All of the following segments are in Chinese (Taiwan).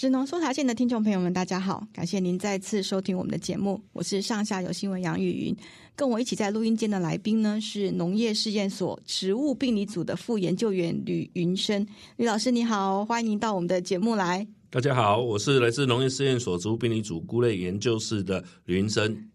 食農搜查線的聽眾朋友們，大家好，感謝您再次收聽我們的節目，我是上下游新聞楊語芸，跟我一起在錄音間的來賓呢，是農業試驗所植物病理組的副研究員呂昀陞。呂老師你好，歡迎到我們的節目來。大家好，我是來自農業試驗所植物病理組菇類研究室的呂昀陞。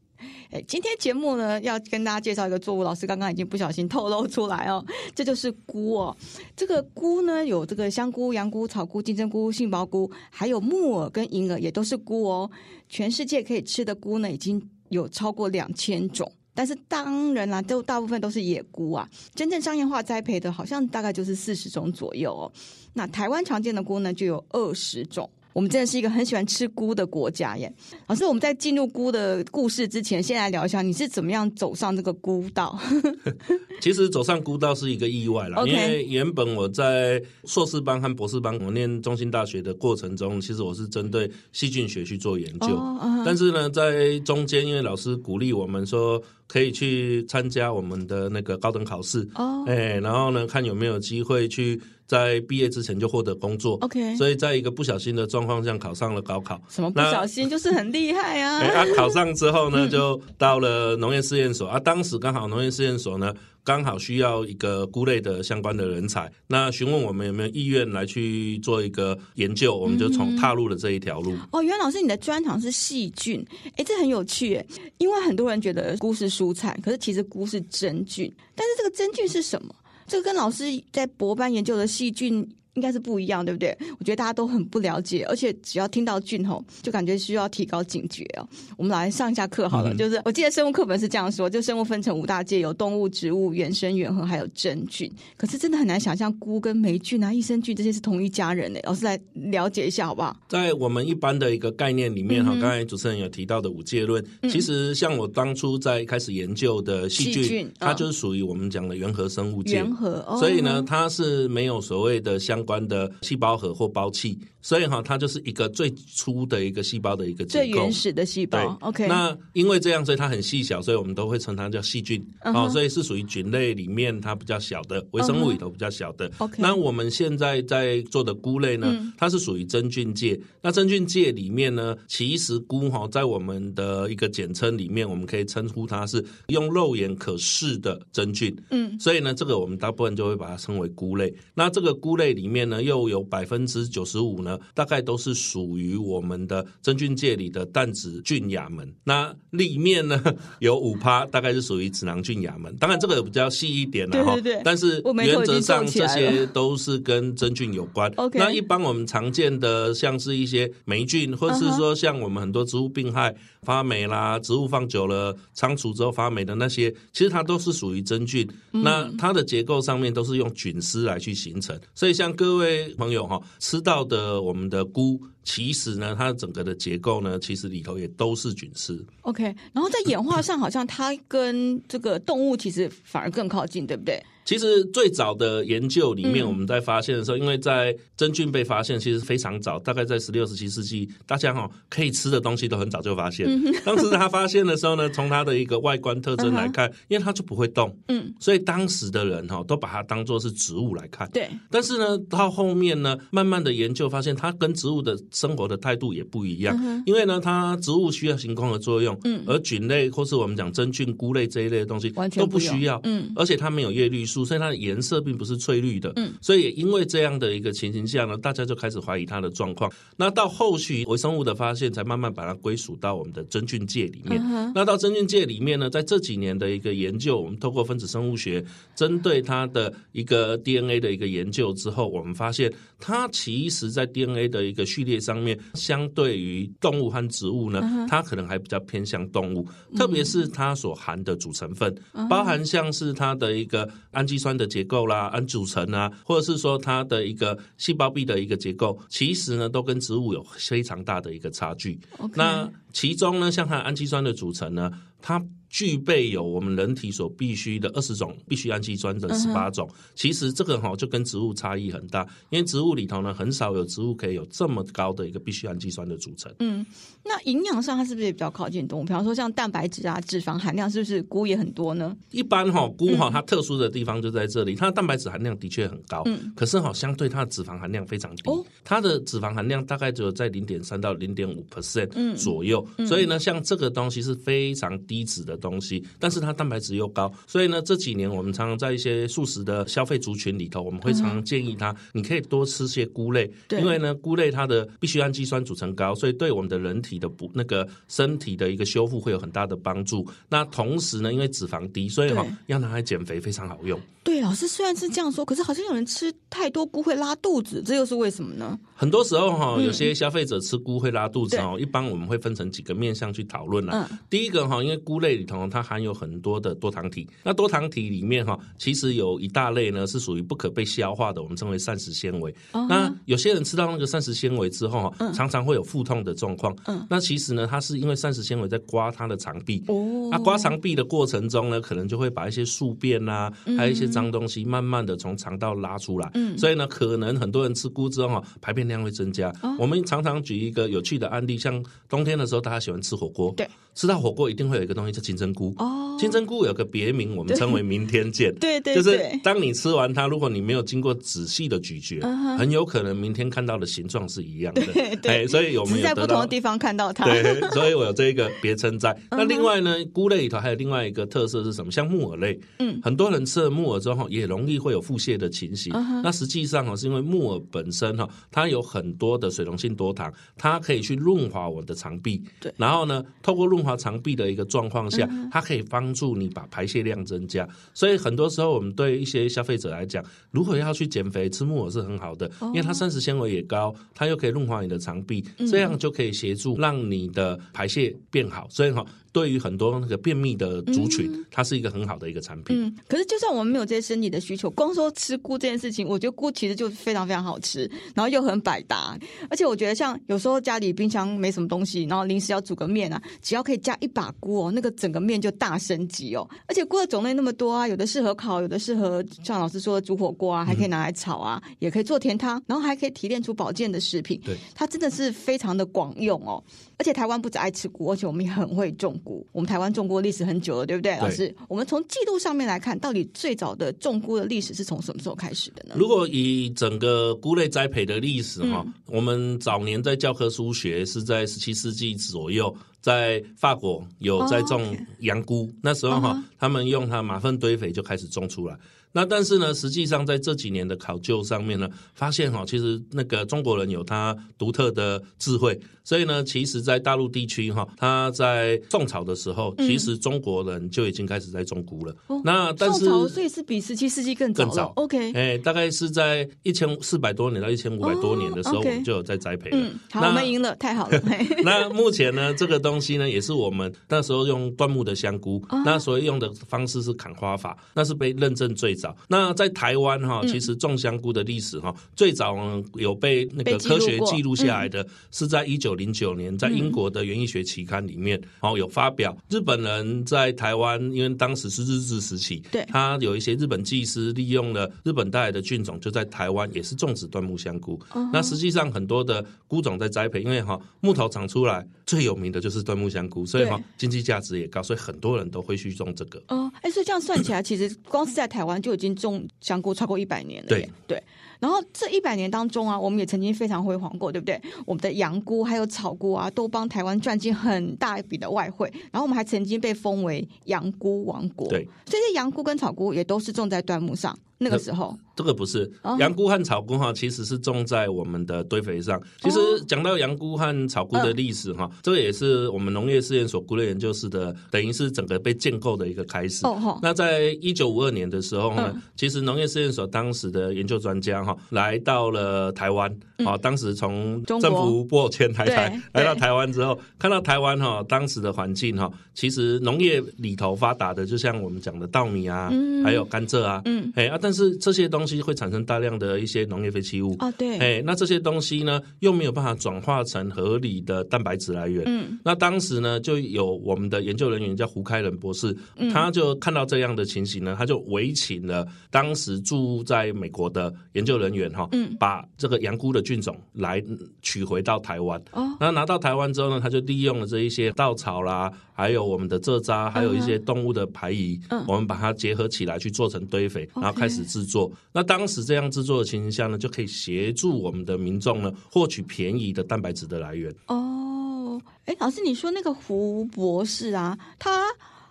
誒，今天節目呢，要跟大家介紹一個作物，老師剛剛已經不小心透露出來哦，這就是菇哦。這個菇呢，有這個香菇、洋菇、草菇、金針菇、杏鮑菇，還有木耳跟銀耳，也都是菇哦。全世界可以吃的菇呢，已經有超過兩千種，但是當然啦，都大部分都是野菇啊。真正商業化栽培的，好像大概就是四十種左右哦。那台灣常見的菇呢，就有二十種。我們真的是一個很喜歡吃菇的國家耶！老師，我們在進入菇的故事之前，先來聊一下你是怎麼樣走上這個菇道。 其實走上菇道是一個意外了，Okay. 因為原本我在碩士班和博士班，我念中興大學的過程中，其實我是針對細菌學去做研究。Oh, uh huh. 但是呢，在中間，因為老師鼓勵我們說。可以去參加我們的那個高等考試哦，哎、oh. 欸，然後呢，看有沒有機會去在畢業之前就獲得工作。OK，所以在一個不小心的狀況下考上了高考。什麼不小心那？就是很厲害啊！他、 欸啊、考上之後呢，就到了農業試驗所啊。當時剛好農業試驗所呢。剛好需要一個菇類的相關的人才，那詢問我們有沒有意願來去做一個研究，我們就從踏入了這一條路。嗯、哦，袁老師，你的專長是細菌，誒，這很有趣耶，因為很多人覺得菇是蔬菜，可是其實菇是真菌，但是這個真菌是什麼？嗯、這個跟老師在博班研究的細菌。應該是不一樣，對不對？我覺得大家都很不了解，而且只要聽到菌哦，就感覺需要提高警覺哦。我們來上一下課好了，好的就是我記得生物課本是這樣說，就生物分成五大界，有動物、植物、原生、原核，還有真菌。可是真的很難想象，菇跟霉菌啊、益生菌這些是同一家人呢、欸。老師來了解一下好不好？在我們一般的一個概念裡面哈，嗯、剛才主持人有提到的五界論，嗯、其實像我當初在開始研究的細菌，細菌它就是屬於我們講的原核生物界，原核、哦、所以呢，它是沒有所謂的相關的細胞核或胞器。所以哈、哦，它就是一個最初的一個細胞的一個結構，最原始的細胞。對，OK。那因為這樣，所以它很細小，所以我們都會稱它叫細菌。Uh huh. 哦，所以是屬於菌類裡面它比較小的微生物裡頭比較小的。Uh huh. OK。那我們現在在做的菇類呢，它是屬於真菌界。嗯、那真菌界裡面呢，其實菇哈、哦、在我們的一個簡稱裡面，我們可以稱呼它是用肉眼可視的真菌。嗯。所以呢，這個我們大部分就會把它稱為菇類。那這個菇類裡面呢，又有百分之九十五呢。大概都是屬於我們的真菌界裡的擔子菌亞門。那裡面呢，有五趴，大概是屬於子囊菌亞門。當然這個也比較細一點了哈，對對對，但是原則上這些都是跟真菌有關。那一般我們常見的像是一些霉菌，或者是說像我們很多植物病害發霉啦，植物放久了倉儲之後發霉的那些，其實它都是屬於真菌。嗯、那它的結構上面都是用菌絲來去形成。所以像各位朋友哈，吃到的。我們的菇其實呢，它整個的結構呢，其實裡頭也都是菌絲。OK，然後在演化上，好像它跟這個動物其實反而更靠近，對不對？其實最早的研究裡面，我們在發現的時候，因為在真菌被發現其實非常早，大概在十六、十七世紀，大家哈可以吃的東西都很早就發現。當時他發現的時候呢，從他的一個外觀特徵來看，因為他就不會動，嗯，所以當時的人哈都把它當做是植物來看。對。但是呢，到後面呢，慢慢的研究發現，它跟植物的生活的態度也不一樣，因為呢，它植物需要行光合作用，嗯，而菌類或是我們講真菌、菇類這一類的東西完全都不需要，嗯，而且它沒有葉綠素。首先，它的顏色並不是翠綠的，嗯，所以也因為這樣的一個情形下呢，大家就開始懷疑它的狀況。那到後續微生物的發現，才慢慢把它歸屬到我們的真菌界裡面。那到真菌界裡面呢，在這幾年的一個研究，我們透過分子生物學針對它的一個 DNA 的一個研究之後，我們發現它其實，在 DNA 的一個序列上面，相對於動物和植物呢，它可能還比較偏向動物，特別是它所含的主成分，包含像是它的一個氨。氨基酸的結構啦、氨組成啊，或者是說它的一個細胞壁的一個結構，其實呢，都跟植物有非常大的一個差距。Okay. 那其中呢，像它氨基酸的組成呢，它。具備有我們人體所必需的二十種必需氨基酸的十八種，嗯、哼其實這個哈就跟植物差異很大，因為植物裡頭呢，很少有植物可以有這麼高的一個必需氨基酸的組成。嗯，那營養上它是不是也比較靠近動物？比方說像蛋白質啊、脂肪含量是不是菇也很多呢？一般哈菇，哈、嗯、它特殊的地方就在這裡，它的蛋白質含量的確很高，嗯，可是哈相對它的脂肪含量非常低，哦、它的脂肪含量大概只有在零點三到零點五 percent 左右，嗯、所以呢，嗯、像這個東西是非常低脂的。東西，但是它蛋白質又高，所以呢，這幾年我們常常在一些素食的消費族群裡頭，我們會常常建議他，你可以多吃些菇類，對因為呢，菇類它的必需氨基酸組成高，所以對我們的人體的補，那個身體的一個修復會有很大的幫助。那同時呢，因為脂肪低，所以哈、哦，對要拿來減肥非常好用。對，老師雖然是這樣說，可是好像有人吃太多菇會拉肚子，這又是為什麼呢？很多時候哈、哦，嗯、有些消費者吃菇會拉肚子哦，對一般我們會分成幾個面向去討論啦。嗯、第一個哈、哦，因為菇類裡頭。它含有很多的多糖體，那多糖體裡面哈、哦，其實有一大類呢是屬於不可被消化的，我們稱為膳食纖維。Oh, 那有些人吃到那個膳食纖維之後，uh, 常常會有腹痛的狀況。Uh, 那其實呢，它是因為膳食纖維在刮它的腸壁。那、uh, 啊、刮腸壁的過程中呢，可能就會把一些宿便啊，um, 還有一些髒東西，慢慢的從腸道拉出來。Um, 所以呢，可能很多人吃菇之後，排便量會增加。Uh, 我們常常舉一個有趣的案例，像冬天的時候，大家喜歡吃火鍋。對。吃到火鍋一定會有一個東西叫金針菇哦，金針、oh, 菇有個別名，我們稱為“明天見”，對對，就是當你吃完它，如果你沒有經過仔細的咀嚼，uh huh. 很有可能明天看到的形狀是一樣的，對對、uh，huh. hey, 所以我們有在不同的地方看到它，對,對,對，所以我有這一個別稱在。Uh huh. 那另外呢，菇類裡頭還有另外一個特色是什麼？像木耳類，嗯、uh，huh. 很多人吃了木耳之後也容易會有腹瀉的情形。Uh huh. 那實際上是因為木耳本身它有很多的水溶性多糖，它可以去潤滑我們的腸壁，對、uh，huh. 然後呢，透過潤潤滑腸壁的一個狀況下，它可以幫助你把排泄量增加，嗯、哼所以很多時候我們對一些消費者來講，如果要去減肥，吃木耳是很好的，哦、因為它膳食纖維也高，它又可以潤滑你的腸壁，這樣就可以協助讓你的排泄變好，嗯、哼所以哈、哦。對於很多那個便秘的族群，嗯嗯、它是一個很好的一個產品。嗯，可是就算我們沒有這些生理的需求，光說吃菇這件事情，我覺得菇其實就非常非常好吃，然後又很百搭。而且我覺得像有時候家裡冰箱沒什麼東西，然後臨時要煮個麵啊，只要可以加一把菇哦，那個整個麵就大升級哦。而且菇的種類那麼多啊，有的適合烤，有的適合像老師說的煮火鍋啊，還可以拿來炒啊，嗯、也可以做甜湯，然後還可以提煉出保健的食品。對，它真的是非常的廣用哦。而且台灣不只愛吃菇，而且我們也很會種。我們台灣種菇歷史很久了，對不對？對，老師，我們從記錄上面來看，到底最早的種菇的歷史是從什麼時候開始的呢？如果以整個菇類栽培的歷史哈，嗯、我們早年在教科書學是在十七世紀左右，在法國有在種洋菇，哦 okay，那時候哈，uh huh，他們用它馬糞堆肥就開始種出來。那但是呢，實際上在這幾年的考究上面呢，發現哈、哦，其實那個中國人有他獨特的智慧，所以呢，其實，在大陸地區哈、哦，他在宋朝的時候，嗯、其實中國人就已經開始在種菇了。哦、那但是，所以是比十七世紀更早。更早 OK，哎，大概是在一千四百多年到一千五百多年的時候，oh, okay 我們就有在栽培了。嗯、好，那我們贏了，太好了。 那目前呢，這個東西呢，也是我們那時候用椴木的香菇，oh. 那時候用的方式是砍花法，那是被認證最早。那在台灣哈，其實種香菇的歷史哈，嗯、最早有被那個科學記錄下來的，嗯、是在一九零九年，在英國的園藝學期刊裡面，然後、嗯、有發表。日本人在台灣，因為當時是日治時期，對，他有一些日本技師利用了日本帶來的菌種，就在台灣也是種植椴木香菇。哦、那實際上很多的菇種在栽培，因為哈木頭長出來最有名的就是椴木香菇，所以哈經濟價值也高，所以很多人都會去種這個。哦，哎、欸，所以這樣算起來，其實光是在台灣。就已經種香菇超過一百年了耶。對。對然後這一百年當中啊，我們也曾經非常輝煌過，對不對？我們的洋菇還有草菇啊，都幫台灣賺進很大一筆的外匯。然後我們還曾經被封為洋菇王國。對，所以洋菇跟草菇也都是種在段木上。那個時候，這個不是洋菇和草菇哈，其實是種在我們的堆肥上。其實講到洋菇和草菇的歷史哈，哦嗯、這個也是我們農業試驗所菇類研究室的，等於是整個被建構的一個開始。哦、那在一九五二年的時候呢，嗯、其實農業試驗所當時的研究專家哈。來到了台灣啊、嗯哦，當時從政府播遷來台，來到台灣之後，看到台灣哈、哦、當時的環境哈、哦，其實農業裡頭發達的，就像我們講的稻米啊，嗯、還有甘蔗啊，嗯、哎啊，但是這些東西會產生大量的一些農業廢棄物哦、啊，對，哎，那這些東西呢，又沒有辦法轉化成合理的蛋白質來源，嗯，那當時呢，就有我們的研究人員叫胡開仁博士，他就看到這樣的情形呢，他就邀請了當時住在美國的研究。人員哈，把這個洋菇的菌種來取回到台灣，哦、那拿到台灣之後呢，他就利用了這一些稻草啦，還有我們的蔗渣，還有一些動物的排遺，嗯，我們把它結合起來去做成堆肥，嗯、然後開始制作。嗯、那當時這樣制作的情形下呢，就可以協助我們的民眾呢獲取便宜的蛋白質的來源。哦，哎、欸，老師，你說那個胡博士啊，他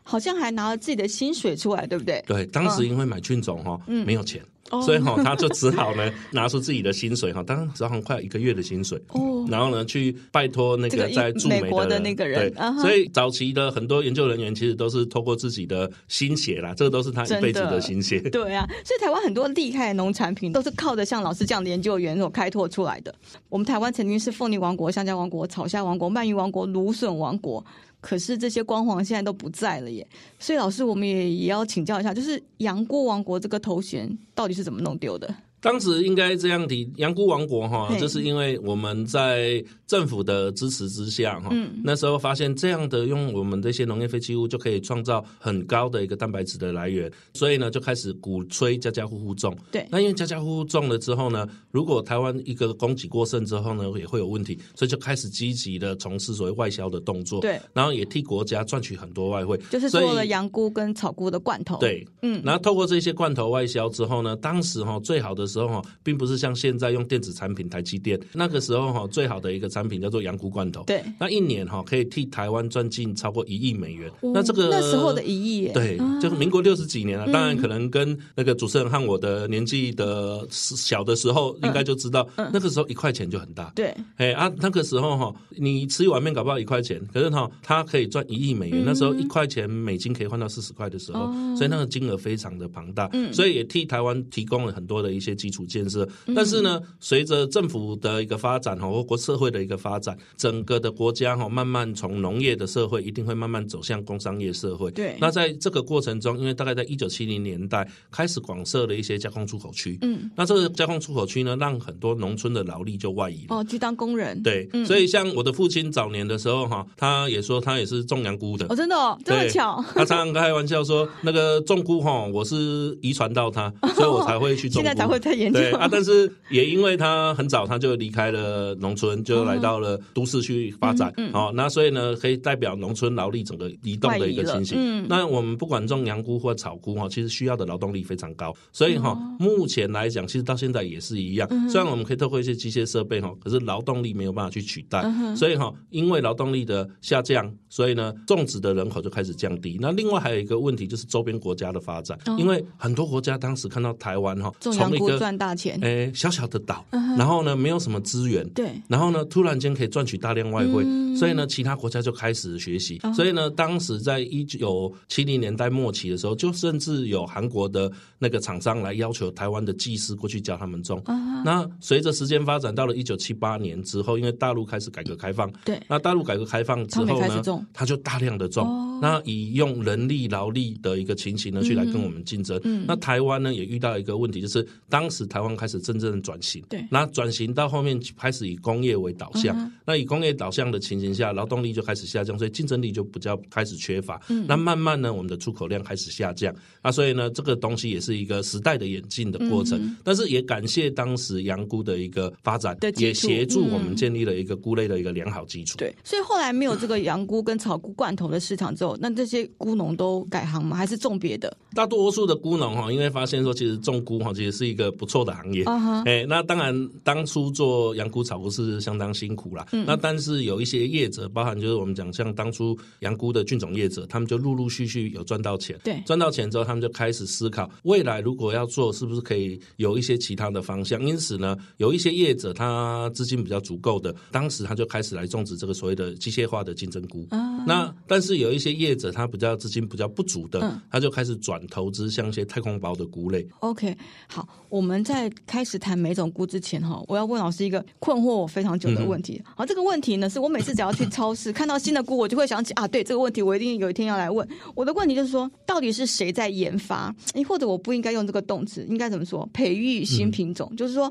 好像還拿了自己的薪水出來，對不對？對，當時因為買菌種哈，嗯哦嗯、沒有錢。哦、所以哈，他就只好呢 拿出自己的薪水哈，當然只好很快一個月的薪水，哦、然後呢去拜托那個在駐美國的人，個所以早期的很多研究人員其實都是透過自己的心血啦，這個都是他一輩子的心血。對啊，所以台灣很多厲害的農產品都是靠着像老師這樣的研究員所開拓出來的。 我們台灣曾經是鳳梨王國、香蕉王國、草蝦王國、鰻魚王國、蘆筍王國。可是這些光環現在都不在了耶，所以老師，我們也也要請教一下，就是洋菇王國這個頭銜到底是怎麼弄丟的？當時應該這樣提，洋菇王國哈，嘿就是因為我們在政府的支持之下哈，嗯、那時候發現這樣的用我們這些農業廢棄物就可以創造很高的一個蛋白質的來源，所以呢就開始鼓吹家家戶戶種。對，那因為家家戶戶種了之後呢，如果台灣一個供給過剩之後呢，也會有問題，所以就開始積極的從事所謂外銷的動作。對，然後也替國家賺取很多外匯。就是做了洋菇跟草菇的罐頭。以對，嗯，然後透過這些罐頭外銷之後呢，當時哈最好的是。時候哈，並不是像現在用電子產品。台積電那個時候哈，最好的一個產品叫做洋菇罐頭。對，那一年哈，可以替台灣賺進超過一億美元。那這個那時候的一億，對，就是民國六十幾年了。當然，可能跟那個主持人和我的年紀的小的時候，應該就知道，那個時候一塊錢就很大。對，哎啊，那個時候哈，你吃一碗麵搞不到一塊錢，可是哈，他可以賺一億美元。那時候一塊錢美金可以換到四十塊的時候，所以那個金額非常的龐大。嗯，所以也替台灣提供了很多的一些。基礎建設，但是呢，隨着政府的一個發展和我國社會的一個發展，整個的國家哈，慢慢從農業的社會一定會慢慢走向工商業社會。對，那在這個過程中，因為大概在一九七零年代開始廣設了一些加工出口區，嗯，那這個加工出口區呢，讓很多農村的勞力就外移了，哦，去當工人。對，嗯、所以像我的父親早年的時候哈，他也說他也是種洋菇的。哦，真的哦，真的巧。他常常開玩笑說那個種菇哈，我是遺傳到他，所以我才會去種、哦，現在才會對啊，但是也因為他很早他就離開了農村，就來到了都市去發展。好、嗯嗯嗯哦，那所以呢，可以代表農村勞力整個移動的一個情形。嗯、那我們不管種洋菇或者草菇哈，其實需要的勞動力非常高。所以哈，呦目前來講，其實到現在也是一樣。嗯、雖然我們可以透過一些機械設備哈，可是勞動力沒有辦法去取代。嗯嗯、所以哈，因為勞動力的下降。所以呢，種植的人口就開始降低。那另外還有一個問題就是周邊國家的發展，哦、因為很多國家當時看到台灣哈，從一個哎、欸、小小的島，嗯、哼然後呢，沒有什麼資源，對，然後呢，突然間可以賺取大量外匯，嗯、所以呢，其他國家就開始學習。嗯、哼所以呢，當時在一九七零年代末期的時候，就甚至有韓國的那個廠商來要求台灣的技師過去教他們種。嗯、哼那隨着時間發展，到了一九七八年之後，因為大陸開始改革開放，對，那大陸改革開放之後呢，他就大量的種。哦。那以用人力勞力的一個情形呢，去來跟我們競爭。嗯嗯那台灣呢也遇到一個問題，就是當時台灣開始真正的轉型。對。那轉型到後面開始以工業為導向。嗯、哼那以工業導向的情形下，勞動力就開始下降，所以競爭力就比較開始缺乏。嗯嗯那慢慢呢，我們的出口量開始下降。那所以呢，這個東西也是一個時代的演進的過程。嗯嗯但是也感謝當時洋菇的一個發展，也協助我們建立了一個菇類的一個良好基礎，嗯。對。所以後來沒有這個洋菇跟草菇罐頭的市場。 有，那這些菇農都改行嗎？還是種別的？大多數的菇農哈，因為發現說，其實種菇哈，其實是一個不錯的行業。哎、uh huh. 欸，那當然，當初做洋菇、草菇是相當辛苦了。Uh huh. 那但是有一些業者，包含就是我們講，像當初洋菇的菌種業者，他們就陸陸續續有賺到錢。對，賺到錢之後，他們就開始思考未來如果要做，是不是可以有一些其他的方向？因此呢，有一些業者他資金比較足夠的，當時他就開始來種植這個所謂的機械化的金針菇。Uh huh. 那但是有一些。業者他比較資金比較不足的，嗯、他就開始轉投資像一些太空包的菇類。OK，好。我們在開始談每種菇之前哈，我要問老師一個困惑我非常久的問題。而、嗯、這個問題呢，是我每次只要去超市 看到新的菇，我就會想起啊，對這個問題，我一定有一天要來問。我的問題就是說，到底是誰在研發？哎，或者我不應該用這個動詞，應該怎麼說？培育新品種，嗯、就是說，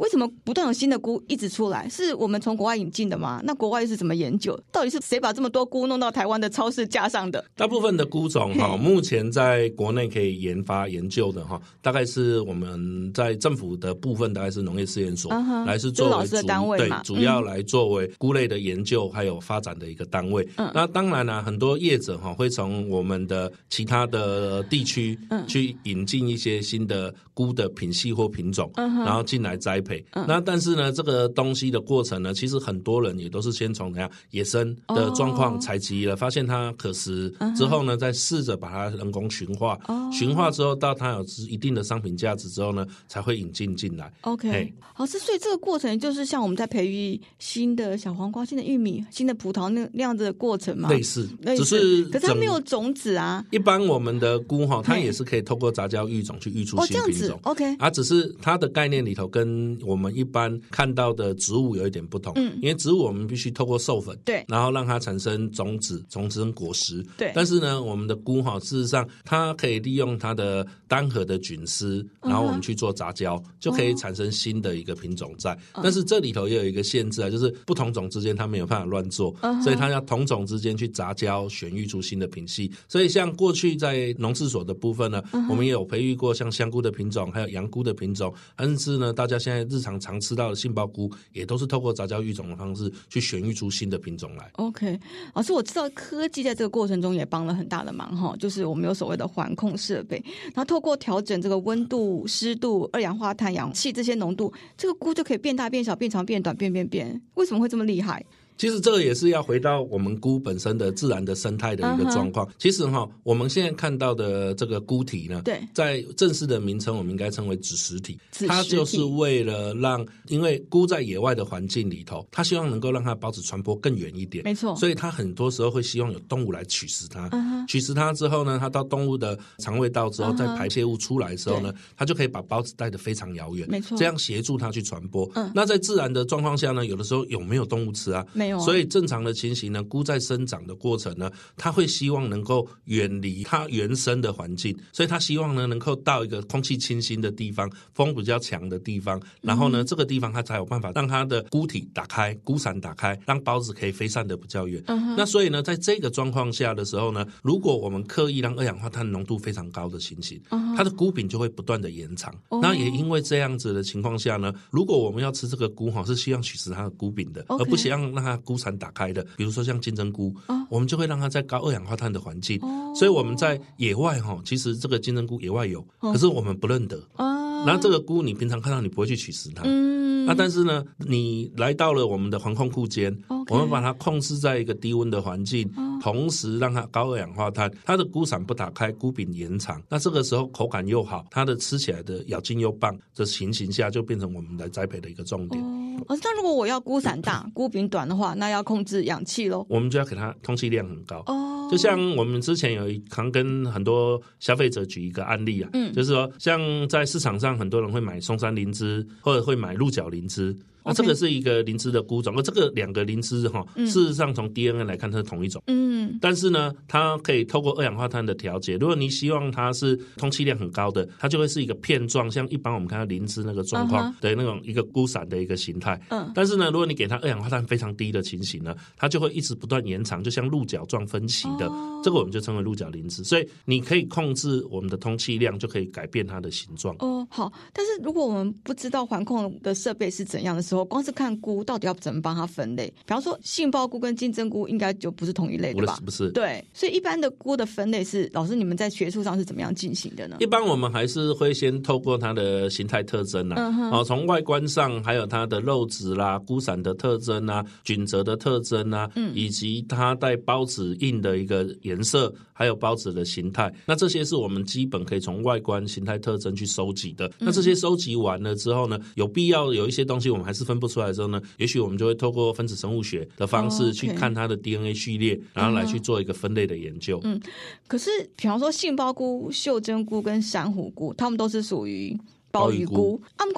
為什麼不斷有新的菇一直出來？是我們從國外引進的嗎？那國外又是怎麼研究？到底是誰把這麼多菇弄到台灣的超市架上的？大部分的菇種哈，嘿目前在國內可以研發研究的哈，大概是我們。在政府的部分，大概是農業試驗所來是作為主，對主要來作為菇類的研究還有發展的一個單位。那當然呢、啊，很多業者哈會從我們的其他的地區去引進一些新的菇的品系或品種，然後進來栽培。那但是呢，這個東西的過程呢，其實很多人也都是先從怎樣野生的狀況採集了，發現它可食之後呢，再試着把它人工馴化。馴化之後，到它有一定的商品價值之後呢。才會引進進來。OK，好嘿，所以這個過程就是像我們在培育新的小黃瓜、新的玉米、新的葡萄那那樣子的過程嘛。類似，類似，只是可是它沒有種子啊。一般我們的菇哈，它也是可以透過雜交育種去育出新品種。哦、這樣子、OK，啊，只是它的概念裡頭跟我們一般看到的植物有一點不同。嗯，因為植物我們必須透過授粉，對，然後讓它產生種子、種子跟果實。對，但是呢，我們的菇哈，事實上它可以利用它的單核的菌絲，然後我們去。做雜交就可以產生新的一個品種在，uh huh. 但是這裡頭也有一個限制啊，就是不同種之間它沒有辦法亂做，uh huh. 所以它要同種之間去雜交選育出新的品系。所以像過去在農試所的部分呢，uh huh. 我們也有培育過像香菇的品種，還有洋菇的品種，甚至呢大家現在日常常吃到的杏鮑菇，也都是透過雜交育種的方式去選育出新的品種來。OK，老師，我知道科技在這個過程中也幫了很大的忙哈，就是我們有所謂的環控設備，然後透過調整這個溫度、濕度。度、二氧化碳、氧氣這些濃度，這個菇就可以變大、變小、變長、變短、變變變。為什麼會這麼厲害？其實這個也是要回到我們菇本身的自然的生態的一個狀況。其實哈，我們現在看到的這個菇體呢，對，在正式的名稱我們應該稱為子實體。它就是為了讓，因為菇在野外的環境裡頭，它希望能夠讓它的孢子傳播更遠一點。沒錯，所以它很多時候會希望有動物來取食它。取食它之後呢，它到動物的腸胃道之後，在排泄物出來的時候呢，它就可以把孢子帶得非常遙遠。沒錯，這樣協助它去傳播。那在自然的狀況下呢，有的時候有沒有動物吃啊？所以正常的情形呢，菇在生長的過程呢，它會希望能夠遠離它原生的環境，所以它希望呢能夠到一個空氣清新的地方，風比較強的地方，然後呢、嗯、這個地方，它才有辦法讓它的菇體打開，菇傘打開，讓孢子可以飛散的比較遠。嗯、哼那所以呢，在這個狀況下的時候呢，如果我們刻意讓二氧化碳濃度非常高的情形，它的菇柄就會不斷的延長。嗯、哼那也因為這樣子的情況下呢，如果我們要吃這個菇哈，是希望取食它的菇柄的，Okay 而不希望讓它。它菇傘打開的，比如說像金針菇，oh. 我們就會讓它在高二氧化碳的環境。Oh. 所以我們在野外哈，其實這個金針菇野外有，oh. 可是我們不認得。那、oh. 這個菇你平常看到你不會去取食它，mm. 那但是呢，你來到了我們的環控庫間，Okay. 我們把它控制在一個低溫的環境，oh. 同時讓它高二氧化碳，它的菇傘不打開，菇柄延長，那這個時候口感又好，它的吃起來的咬勁又棒，這情形，形下就變成我們來栽培的一個重點。Oh. 呃、哦，那如果我要菇傘大、菇柄短的話，那要控制氧氣嘍。我們就要給它通氣量很高哦。就像我們之前有一常跟很多消費者舉一個案例啊，嗯、就是說像在市場上很多人會買松山靈芝，或者會買鹿角靈芝。那 Okay.、啊、這個是一個靈芝的菇種，而這個兩個靈芝哈，嗯、事實上從 DNA 來看，它是同一種。嗯。但是呢，它可以透過二氧化碳的調節。如果你希望它是通氣量很高的，它就會是一個片狀，像一般我們看到靈芝那個狀況的、uh huh. 對、那種一個菇傘的一個形態。嗯、uh。Huh. 但是呢，如果你給它二氧化碳非常低的情形呢，它就會一直不斷延長，就像鹿角狀分歧的。Oh. 這個我們就稱為鹿角靈芝。所以你可以控制我們的通氣量，就可以改變它的形狀。哦，oh, 好。但是如果我們不知道環控的設備是怎樣的時候，我光是看菇到底要怎麼幫它分類，比方說，杏鮑菇跟金針菇應該就不是同一類的吧？不是，不是，對，所以一般的菇的分類是，老師你們在學術上是怎麼樣進行的呢？一般我們還是會先透過它的形態特徵啊，嗯、哼哦，從外觀上，還有它的肉質啦、菇傘的特徵啊、菌褶的特徵啊，嗯，以及它帶孢子印的一個顏色，還有孢子的形態。那這些是我們基本可以從外觀形態特徵去收集的。嗯、那這些收集完了之後呢，有必要有一些東西，我們還是。分不出來的時候呢，也許我們就會透過分子生物學的方式去看它的 DNA 序列，oh, okay. 然後來去做一個分類的研究。嗯，可是，比方說，杏鮑菇、秀珍菇跟珊瑚菇，它們都是屬於。鮑魚菇，他們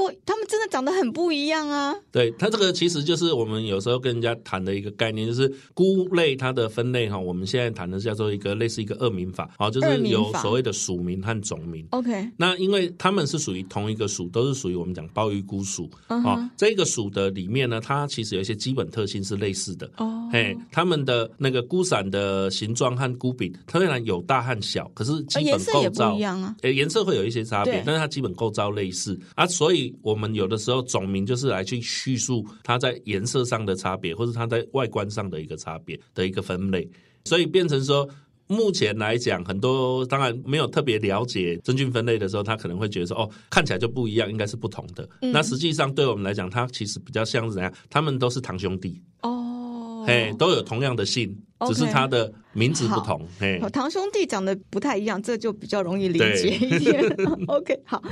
真的長得很不一樣啊！對，它這個其實就是我們有時候跟人家談的一個概念，就是菇類它的分類哈。我們現在談的是叫做一個類似一個二名法啊，就是有所謂的屬名和種名。名 OK，那因為它們是屬於同一個屬，都是屬於我們講鮑魚菇屬啊。Uh huh. 這個屬的裡面呢，它其實有一些基本特性是類似的哦。Oh. 嘿，它們的那個菇傘的形狀和菇柄，它雖然有大和小，可是基本構造不一樣啊。欸，顏色會有一些差別，對但是它基本構造類。是啊，所以我們有的時候種名就是來去敘述它在顏色上的差別，或者它在外觀上的一個差別的一個分類。所以變成說，目前來講，很多當然沒有特別了解真菌分類的時候，他可能會覺得說，哦，看起來就不一樣，應該是不同的。嗯、那實際上對我們來講，它其實比較像是怎樣？他們都是堂兄弟。哎，都有同樣的姓，okay, 只是他的名字不同。哎好嘿，堂兄弟長得不太一樣，這就比較容易理解一點。對 OK，好，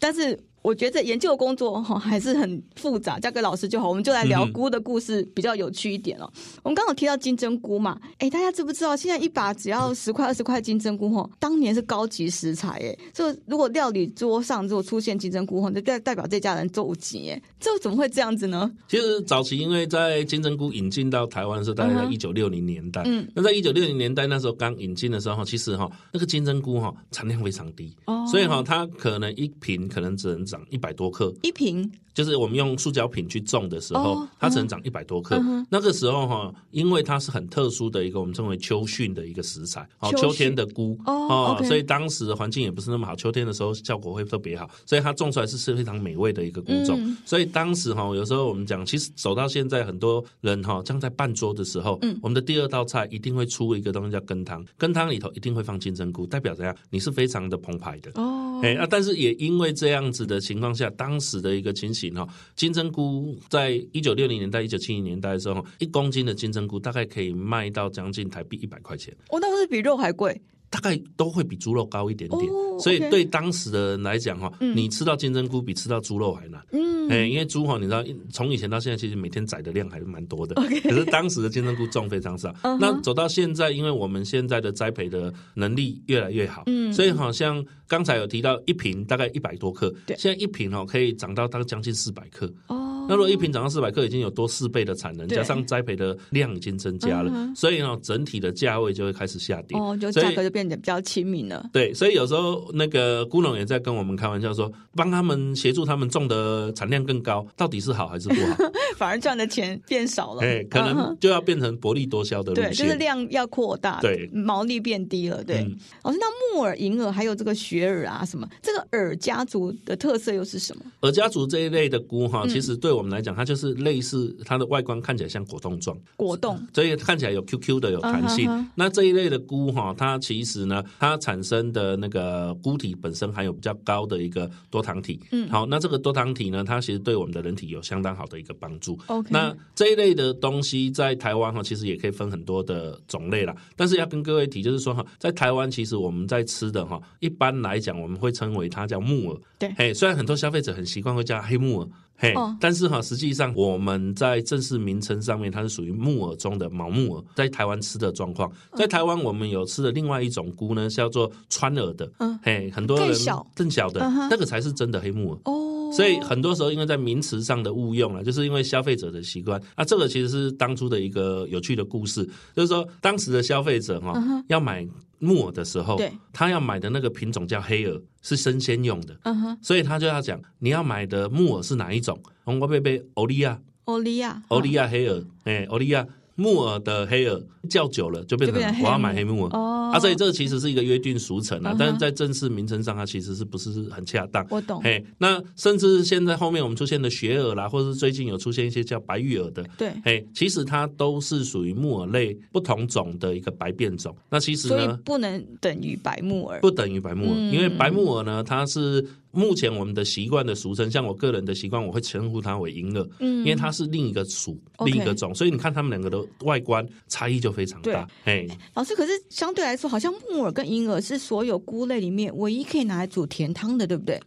但是。我覺得研究工作哈還是很複雜，交給老師就好。我們就來聊菇的故事，比較有趣一點哦。嗯、哼我們剛剛提到金針菇嘛，哎，大家知不知道？現在一把只要十塊二十塊金針菇哈，當年是高級食材哎。就如果料理桌上如果出現金針菇哈，就代代表這家人中吉哎。這怎麼會這樣子呢？其實早期因為在金針菇引進到台灣是大概在一九六零年代，嗯，嗯，那在一九六零年代那時候剛引進的時候，其實哈那個金針菇哈產量非常低，哦，所以哈它可能一瓶可能只能長。一百多克一瓶，就是我們用塑膠瓶去種的時候，oh, uh、huh, 它只能長一百多克。Uh、huh, 那個時候哈，因為它是很特殊的一個我們稱為秋訓的一個食材，好，秋訓，秋天的菇哦，oh, okay. 所以當時的環境也不是那麼好。秋天的時候效果會特別好，所以它種出來是是非常美味的一個菇種。嗯、所以當時哈，有時候我們講，其實走到現在，很多人哈，將在半桌的時候，嗯、我們的第二道菜一定會出一個東西叫羹湯，羹湯裡頭一定會放金針菇，代表怎樣？你是非常的澎湃的、oh, 哎，那但是也因為這樣子的情況下，當時的一個情形哦，金針菇在一九六零年代、一九七零年代的時候，一公斤的金針菇大概可以賣到將近台幣一百塊錢。我當時是比肉還貴。大概都會比豬肉高一點點，oh, okay. 所以對當時的人來講哈，嗯、你吃到金針菇比吃到豬肉還難。嗯，哎，因為豬哈，你知道從以前到現在，其實每天宰的量還是蠻多的。Okay. 可是當時的金針菇種非常少。Uh huh. 那走到現在，因為我們現在的栽培的能力越來越好，嗯，所以好像剛才有提到一瓶大概一百多克，對現在一瓶哦可以長到大概將近四百克。哦。Oh. 那如果一瓶漲到四百克，已經有多四倍的產能，對加上栽培的量已經增加了，嗯、哼所以呢，整體的價位就會開始下跌。哦，就價格就變得比較親民了。對，所以有時候那個菇農也在跟我們開玩笑說，幫他們協助他們種的產量更高，到底是好還是不好？ 反而賺的錢變少了。對、欸，可能就要變成薄利多銷的路線、嗯。對，就是量要擴大，對，毛利變低了。對，哦、嗯，那木耳、銀耳還有這個雪耳啊，什麼這個耳家族的特色又是什麼？耳家族這一類的菇哈，其實對我、嗯。我們來講，它就是類似它的外觀看起來像果凍狀，果凍凍，所以看起來有 Q Q 的有彈性。啊、哈哈那這一類的菇哈，它其實呢，它產生的那個菇體本身含有比較高的一個多糖體。嗯，好，那這個多糖體呢，它其實對我們的人體有相當好的一個幫助。Okay 那這一類的東西在台灣哈，其實也可以分很多的種類啦。但是要跟各位提就是說哈，在台灣其實我們在吃的哈，一般來講我們會稱為它叫木耳。對，hey, 雖然很多消費者很習慣會叫黑木耳。嘿，oh. 但是哈，實際上我們在正式名稱上面，它是屬於木耳中的毛木耳。在台灣吃的狀況，在台灣我們有吃的另外一種菇呢，叫做川耳的。嗯，uh. 嘿，很多人更小、更小的、uh huh. 那個才是真的黑木耳哦。Oh. 所以很多時候，因為在名詞上的誤用了，就是因為消費者的習慣。啊，這個其實是當初的一個有趣的故事，就是說當時的消費者哈、uh huh. 要買。木耳的時候，對他要買的那個品種叫黑耳，是生鮮用的。嗯、哼所以他就要講，你要買的木耳是哪一種？紅鍋貝貝、歐利亞、歐利亞、歐利亞黑耳，哎，歐利亞。木耳的黑耳叫久了就變成我要買黑木耳哦，耳 oh. 啊，所以這個其實是一個約定俗成啊，uh huh. 但是在正式名稱上它其實是不是很恰當？我懂。嘿，hey, 那甚至現在後面我們出現的雪耳啦，或者是最近有出現一些叫白玉耳的，對，嘿，hey, 其實它都是屬於木耳類不同種的一個白變種。那其實呢，不能等於白木耳，不等於白木耳，嗯，因為白木耳呢，它是。目前我們的習慣的俗稱，像我個人的習慣，我會稱呼它為銀耳，嗯，因為它是另一個屬、Okay 另一個種，所以你看它們兩個的外觀差異就非常大。哎對，嘿老師，可是相對來說，好像木耳跟銀耳是所有菇類裡面唯一可以拿來煮甜湯的，對不對？